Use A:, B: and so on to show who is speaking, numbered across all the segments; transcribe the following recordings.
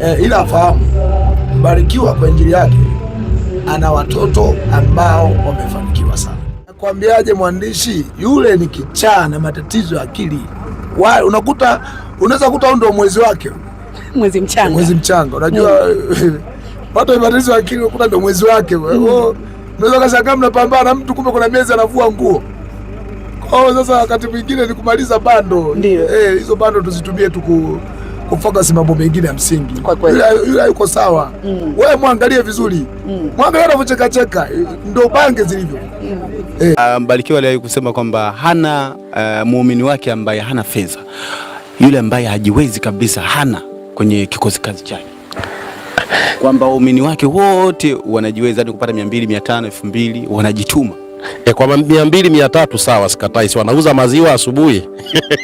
A: eh, ila fahamu Mbarikiwa kwa injili yake ana watoto ambao wamefanikiwa sana. Nakwambiaje mwandishi yule ni kichaa na matatizo ya akili. Wao unakuta unaweza kuta ndio mwezi wake
B: mwezi mchanga,
A: mwezi mchanga unajua hmm. watu wa matatizo ya akili unakuta ndio mwezi wake. Hmm. Unaweza kashangaa mnapambana na mtu kumbe kuna miezi anavua nguo. Kwa hiyo sasa wakati mwingine ni kumaliza bando. Ndio. Eh, hizo bando tuzitumie tuku kufocus mambo mengine ya msingi. Yule yuko sawa, mm. wewe mwangalie vizuri, mm. mwangalie anavyocheka cheka, eh, ndo bange zilivyo. Mm.
C: Eh. Ah, Mbarikiwa aliwahi kusema kwamba hana eh, muumini wake ambaye hana fedha, yule ambaye hajiwezi kabisa, hana kwenye kikosi kazi chake kwamba waumini wake wote wanajiweza hadi kupata mia mbili mia tano elfu mbili wanajituma. E, kwa mia mbili mia tatu sawa, sikatai, si wanauza maziwa asubuhi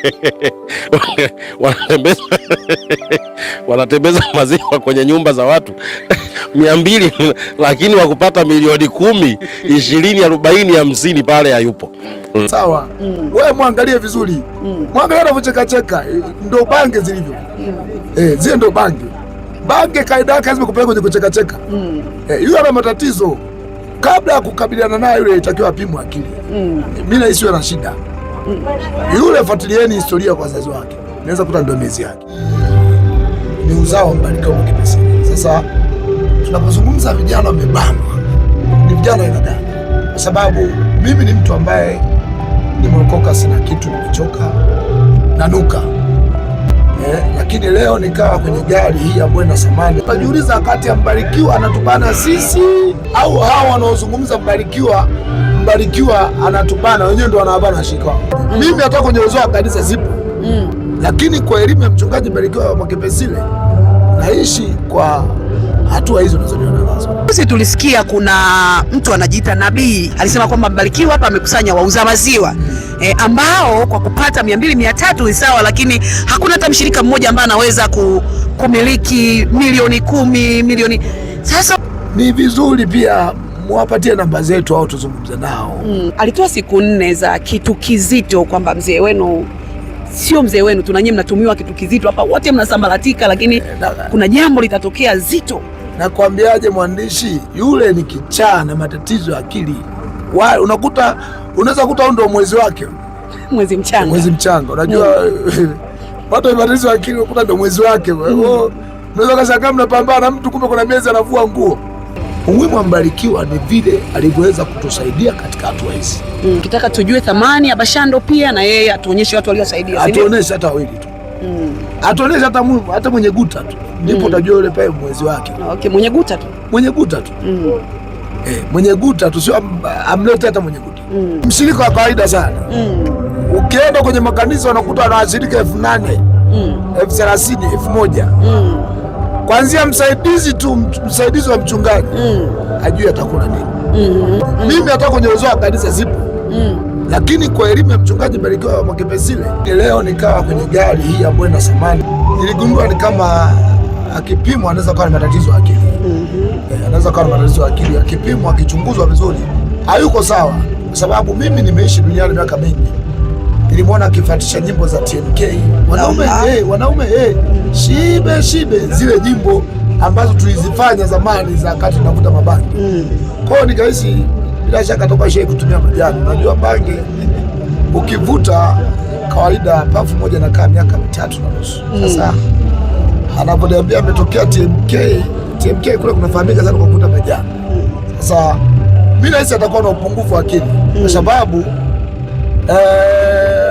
C: wanatembeza wanatembeza maziwa kwenye nyumba za watu mia mbili, lakini wakupata milioni kumi, ishirini, arobaini, hamsini pale hayupo.
A: Mm. Sawa. Mm. Wewe mwangalie vizuri. Mm. Mwangalie anavyochekacheka, eh, ndo bange zilivyo. Mm. Eh, zile ndo bange. Bange kaida yake lazima kupeleka kwenye kuchekacheka. Mm. Eh, yule ana matatizo. Kabla ya kukabiliana naye yule itakiwa apimwe akili. Mm. Mi nahisi naisiwe na shida. Mm. Yule fuatilieni historia kwa wazazi wake, naweza kuta ndo miezi yake ni uzao mbalikiwa mwakipesa. Sasa tunapozungumza vijana wamebanwa, ni vijana ina gani? Kwa sababu mimi ni mtu ambaye nimeokoka, sina kitu, nimechoka nanuka eh, lakini leo nikawa kwenye gari hii ya Bwena Samani. Tajiuliza wakati ya Mbarikiwa anatubana sisi au hawa wanaozungumza Mbarikiwa Mbarikiwa anatubana wenyewe ndio wanabana shika. Mm. Mimi hata kwenye uzao wa kanisa zipo. Mm. Lakini kwa elimu ya mchungaji Mbarikiwa wa Makepesile naishi kwa hatua hizo tunazoliona nazo.
B: Sisi tulisikia kuna mtu anajiita nabii alisema kwamba Mbarikiwa hapa amekusanya wauza maziwa. Mm e, ambao kwa kupata mia mbili mia tatu ni sawa, lakini hakuna hata mshirika mmoja ambaye anaweza kumiliki milioni kumi milioni.
A: Sasa ni vizuri pia mwapatie namba zetu au tuzungumze nao.
B: Mm, alitoa siku nne za kitu kizito kwamba mzee wenu sio mzee wenu tunanyie mnatumiwa kitu kizito hapa, wote mnasambaratika, lakini eh, na, kuna jambo litatokea zito.
A: Nakwambiaje mwandishi, yule ni kichaa na matatizo ya akili. Unakuta unaweza kuta ndo mwezi wake
B: mwezi mchanga, mwezi
A: mchanga. Unajua watu waibatizo akili kuta ndo mwezi wake. Mm. Unaweza kashangaa mnapambana mtu, kumbe kuna miezi anavua nguo. Umuhimu wa Mbarikiwa ni vile alivyoweza kutusaidia katika hatua hizi.
B: Mm, kitaka tujue thamani ya Bashando pia na yeye atuonyeshe watu waliosaidia.
A: Atuonyeshe hata wawili tu. Mm. Atuonyeshe hata mwimu, hata mwenye guta tu. Ndipo mm. utajua yule pale mwezi wake.
B: Okay, mwenye guta tu.
A: Mwenye guta tu. Mm. Eh, mwenye guta tu sio amlete hata mwenye guta mm. mshirika wa kawaida sana mm. Ukienda kwenye makanisa unakuta anawashirika elfu nane mm. elfu thelathini elfu moja mm. Kwanzia msaidizi tu, msaidizi wa mchungaji mm. ajui atakula nini mm-hmm. mm. -hmm. Mimi hata kwenye uzoa wa kanisa zipo mm. Lakini kwa elimu ya mchungaji Barikiwa Mwakipesile, leo nikawa kwenye gari hii ambayo ina samani, niligundua ni kama akipimwa anaweza kuwa na matatizo ya akili mm -hmm. E, anaweza kuwa na matatizo ya akili akipimwa, akichunguzwa vizuri hayuko sawa kwa sababu mimi nimeishi duniani miaka mingi, nilimwona akifatisha nyimbo za TMK wanaume eh, wanaume eh, shibe shibe, zile nyimbo ambazo tulizifanya zamani za kati tunavuta mabanga mm. Kwao nikahisi bila shaka toka shehe kutumia majani, unajua bange ukivuta kawaida pafu moja na kaa miaka mitatu na nusu mm. sasa mm. Anaponiambia ametokea TMK, TMK kule kunafahamika sana kwa kuvuta majani mm. sasa mimi nahisi atakuwa na upungufu wa akili mm. kwa hmm. sababu e,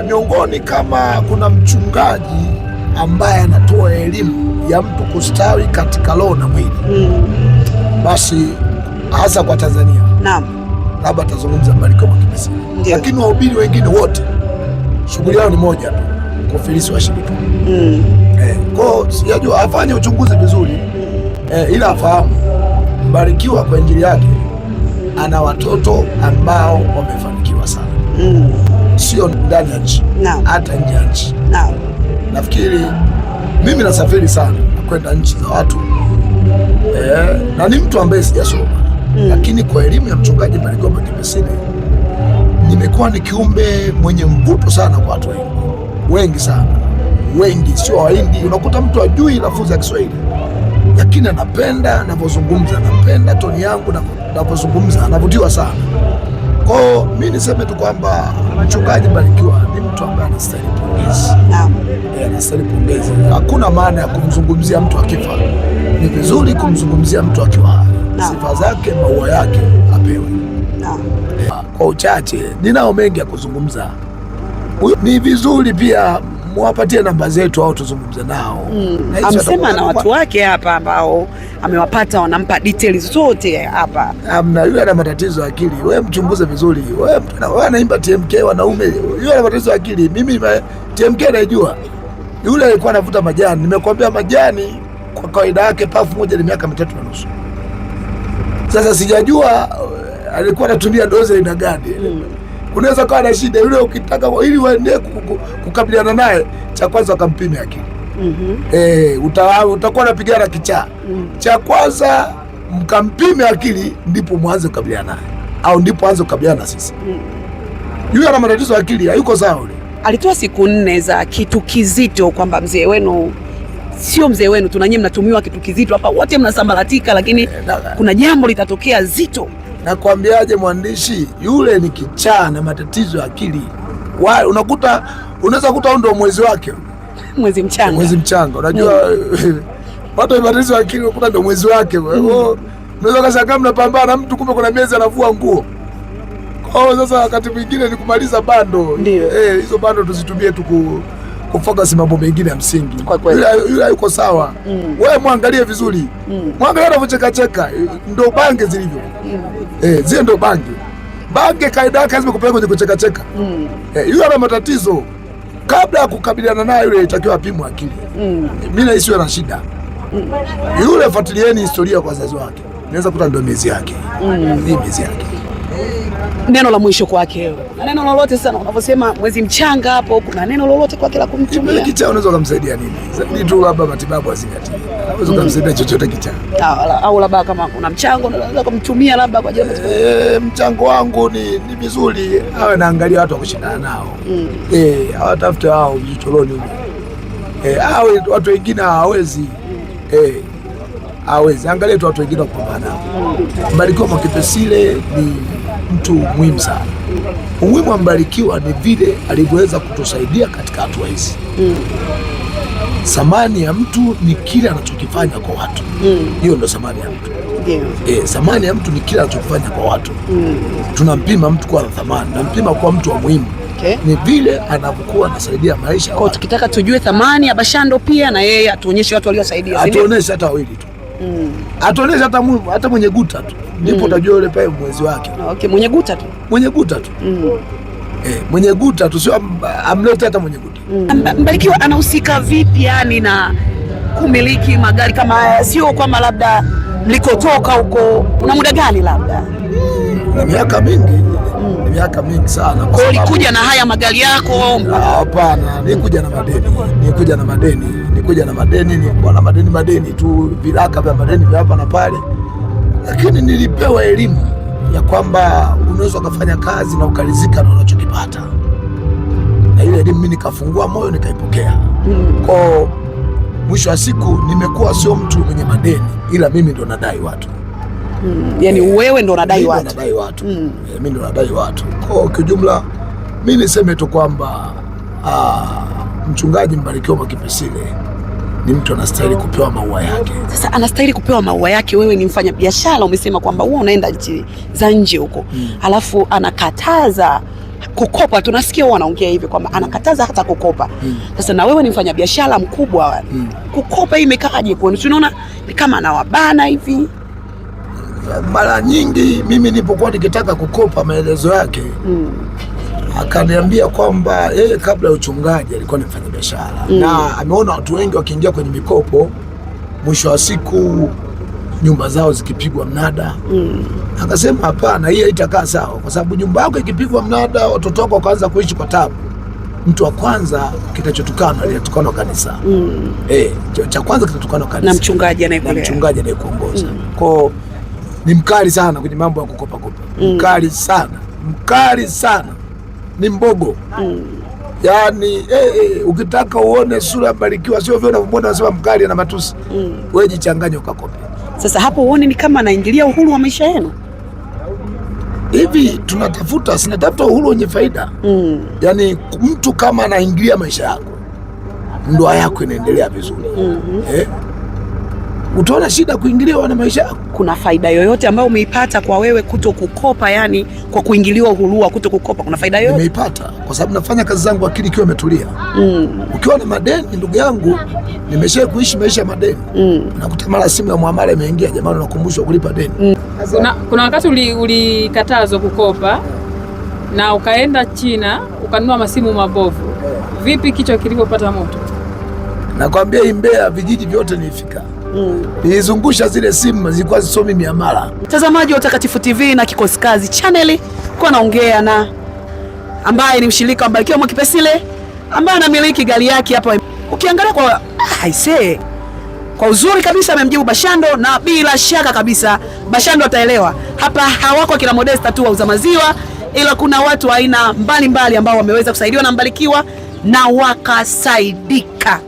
A: miongoni kama kuna mchungaji ambaye anatoa elimu ya mtu kustawi katika roho na mwili mm. basi hasa kwa Tanzania naam, labda atazungumza Mbarikiwa Mwakimbisile, lakini wahubiri wengine wote shughuli yao ni moja tu, kufilisi washirika mm. eh, kwao sijajua afanye uchunguzi vizuri hmm. eh, ila afahamu Mbarikiwa kwa injili yake ana watoto ambao wamefanikiwa sana mm. Sio ndani ya nchi hata nje ya nchi. Nafikiri mimi nasafiri sana kwenda nchi za watu eh, na ni mtu ambaye sijasoma mm. Lakini kwa elimu ya mchungaji Maligomba Kipesile nimekuwa ni kiumbe mwenye mvuto sana kwa watu wengi wengi sana wengi, sio Wahindi. Unakuta mtu ajui lafudhi ya Kiswahili lakini anapenda anavyozungumza, napenda toni yangu anavyozungumza, anavutiwa sana. Kwa hiyo mi niseme tu kwamba Mchungaji Barikiwa ni mtu ambaye anastahili pongezi, eh, anastahili pongezi. Hakuna maana ya kumzungumzia mtu akifa, ni vizuri kumzungumzia mtu akiwa sifa zake, maua yake apewe. Eh, kwa uchache, ninao mengi ya kuzungumza, ni vizuri pia mwapatie namba zetu au tuzungumze nao.
B: Mm. Amsema na watu wake hapa ambao amewapata wanampa details zote hapa.
A: Amna, yule ana matatizo akili. Wewe mchunguze vizuri. Wewe wewe anaimba TMK wanaume. Yule ana matatizo akili. Mimi TMK naijua. Yule alikuwa anavuta majani. nimekuambia majani kwa kawaida yake pafu moja ni miaka mitatu na nusu. Sasa sijajua eh, alikuwa anatumia dozi aina gani. Mm unaweza kawa na shida yule, ukitaka ili waendee kukabiliana naye, cha kwanza wakampime akili mm -hmm. E, utakuwa utakuwa na kichaa mm -hmm. cha kwanza mkampime akili, ndipo mwanze kukabiliana naye au ndipo anze kukabiliana na sisi mm -hmm. yule ana matatizo ya akili, hayuko sawa yule.
B: Alitoa siku nne za kitu kizito kwamba mzee wenu sio mzee wenu tunanyie, mnatumiwa kitu kizito hapa, wote mnasambaratika, lakini eh, kuna jambo litatokea zito
A: nakwambiaje, mwandishi yule ni kichaa na matatizo ya akili. Unakuta unaweza kuta ndo mwezi wake
B: mwezi mchanga,
A: mwezi mchanga, unajua mm. watu matatizo ya akili unakuta ndo mwezi wake. Mm. Unaweza kashangaa mnapambana na mtu, kumbe kuna miezi anavua nguo. Kwa hiyo sasa wakati mwingine ni kumaliza bando, eh, hizo eh, bando tuzitumie tuku kufokasi mambo mengine ya msingi. Kwa yule yuko sawa mm. Wewe mwangalie vizuri mm. Mwangalie anavyocheka cheka, ndo bange zilivyo mm. Eh, zile ndo bange bange, kaida yake lazima kupeleka kwenye kucheka cheka mm. Eh, yule ana matatizo, kabla ya kukabiliana naye yule itakiwa apimwe akili mm. mimi naisiwe na shida mm. Yule fuatilieni historia kwa wazazi wake, naweza kuta ndo miezi yake mm. Ni miezi yake
B: neno la mwisho kwake wewe, na neno lolote sana unavyosema mwezi mchanga hapo, kuna neno lolote kwake la kumtumia
A: kichaa, unaweza kumsaidia nini zaidi tu, labda matibabu azingatie, unaweza kumsaidia chochote
B: kichaa, au labda kama kuna mchango unaweza kumtumia labda kwa ajili
A: eh, mchango wangu ni ni vizuri, awe naangalia watu wa kushindana nao mm. eh, hawatafute wao vichochoroni huko eh, awe watu wengine hawawezi mm. eh, awezi angalia tu watu wengine wa kupambana nao. Mm. Mbarikiwa Mwakipesile ni mtu muhimu sana. Umuhimu wa Mbarikiwa ni vile alivyoweza kutusaidia katika hatua hizi mm. Samani ya mtu ni kile anachokifanya kwa watu mm. hiyo mm. Ndo samani ya mtu eh, thamani yeah. E, ya mtu ni kile anachokifanya kwa watu mm. Tunampima mtu kwa thamani, tunampima kwa mtu wa muhimu okay. Ni vile anavyokuwa anasaidia maisha.
B: Tukitaka tujue thamani ya Bashando, pia na yeye atuonyeshe watu waliosaidia,
A: atuonyeshe hata wawili tu mm. Atuonesha hata hata mwenye guta tu ndipo mm. yule pale mwezi wake.
B: Ah, okay, mwenye guta tu
A: mwenye guta tu mm. eh, mwenye guta tu sio amlete hata mwenye guta
B: mm. Mbarikiwa anahusika vipi yani na kumiliki magari kama haya, sio kwamba labda mlikotoka huko una muda gani labda? Mm.
A: na miaka mingi miaka mingi sana.
B: Kwa hiyo ulikuja na haya magari yako?
A: Ah, hapana, nikuja na madeni, nikuja na madeni nilikuja na madeni, nilikuwa na madeni madeni tu, viraka vya madeni vya hapa na pale, lakini nilipewa elimu ya kwamba unaweza ukafanya kazi na ukarizika na unachokipata, na ile elimu mimi nikafungua moyo nikaipokea. Kwa mwisho wa siku nimekuwa sio mtu mwenye madeni, ila mimi ndo nadai watu.
B: Hmm. Yani yeah. wewe ndo nadai watu,
A: nadai watu. Hmm. Yeah, mimi ndo nadai watu. Kwa kijumla mimi niseme tu kwamba ah, mchungaji Mbarikiwa Mwakipesile ni mtu anastahili kupewa maua yake.
B: Sasa anastahili kupewa maua yake, wewe ni mfanya biashara, umesema kwamba wewe unaenda nchi za nje huko hmm. alafu anakataza kukopa. Tunasikia wanaongea hivi kwamba anakataza hata kukopa hmm. sasa na wewe ni mfanyabiashara mkubwa hmm. kukopa hii imekaaje kwenu? Tunaona kama anawabana hivi.
A: Mara nyingi mimi nilipokuwa nikitaka kukopa maelezo yake hmm akaniambia kwamba yeye kabla ya uchungaji alikuwa ni mfanyabiashara mm. na ameona watu wengi wakiingia kwenye mikopo, mwisho wa siku nyumba zao zikipigwa mnada mm. Akasema hapana, hii haitakaa sawa, kwa sababu nyumba yako ikipigwa mnada, watoto wako wakaanza kuishi kwa tabu, mtu wa kwanza kitachotukana aliyetukana kanisa mm. E, cha kwanza kitatukanwa kanisa na mchungaji anayekuongoza mm. kwa ni mkali sana kwenye mambo ya mm. mkali sana, mkali sana ni mbogo mm. Yani eh, eh, ukitaka uone sura Mbarikiwa sio vile unavyomwona unasema mkali na matusi mm. Wewe jichanganye ukakope.
B: Sasa hapo uone ni kama anaingilia uhuru wa maisha yenu
A: hivi. Tunatafuta, sinatafuta uhuru wenye faida mm. Yaani mtu kama anaingilia maisha yako, ndoa yako inaendelea vizuri mm -hmm. eh? utaona shida kuingiliwa na maisha yako.
B: Kuna faida yoyote ambayo umeipata kwa wewe kuto kukopa? Yani kwa kuingiliwa uhuruwa kuto kukopa, kuna faida yoyote?
A: Nimeipata kwa sababu nafanya kazi zangu akili ikiwa imetulia. Mm. Ukiwa na madeni, ndugu yangu, nimesha kuishi maisha ya madeni. Mm. Nakuta mara simu ya muamala imeingia, jamani, unakumbushwa kulipa deni. Mm.
D: Kuna, kuna wakati ulikatazwa uli kukopa na ukaenda China ukanunua masimu mabovu. Vipi kichwa kilipopata moto?
A: Nakwambia, hii Mbeya vijiji vyote nifika nilizungusha zile simu zilikuwa zisomi miamala.
B: Mtazamaji wa Utakatifu TV na kikosi kazi chaneli, kwa naongea na ambaye ni mshirika wa kiwa Mwakipesile ambaye anamiliki gari yake hapa. Ukiangalia kwa aisee, ah, kwa uzuri kabisa amemjibu Bashando, na bila shaka kabisa Bashando ataelewa hapa. Hawako kila Modesta tu wauza maziwa, ila kuna watu aina mbalimbali ambao wameweza kusaidiwa na Mbarikiwa na wakasaidika.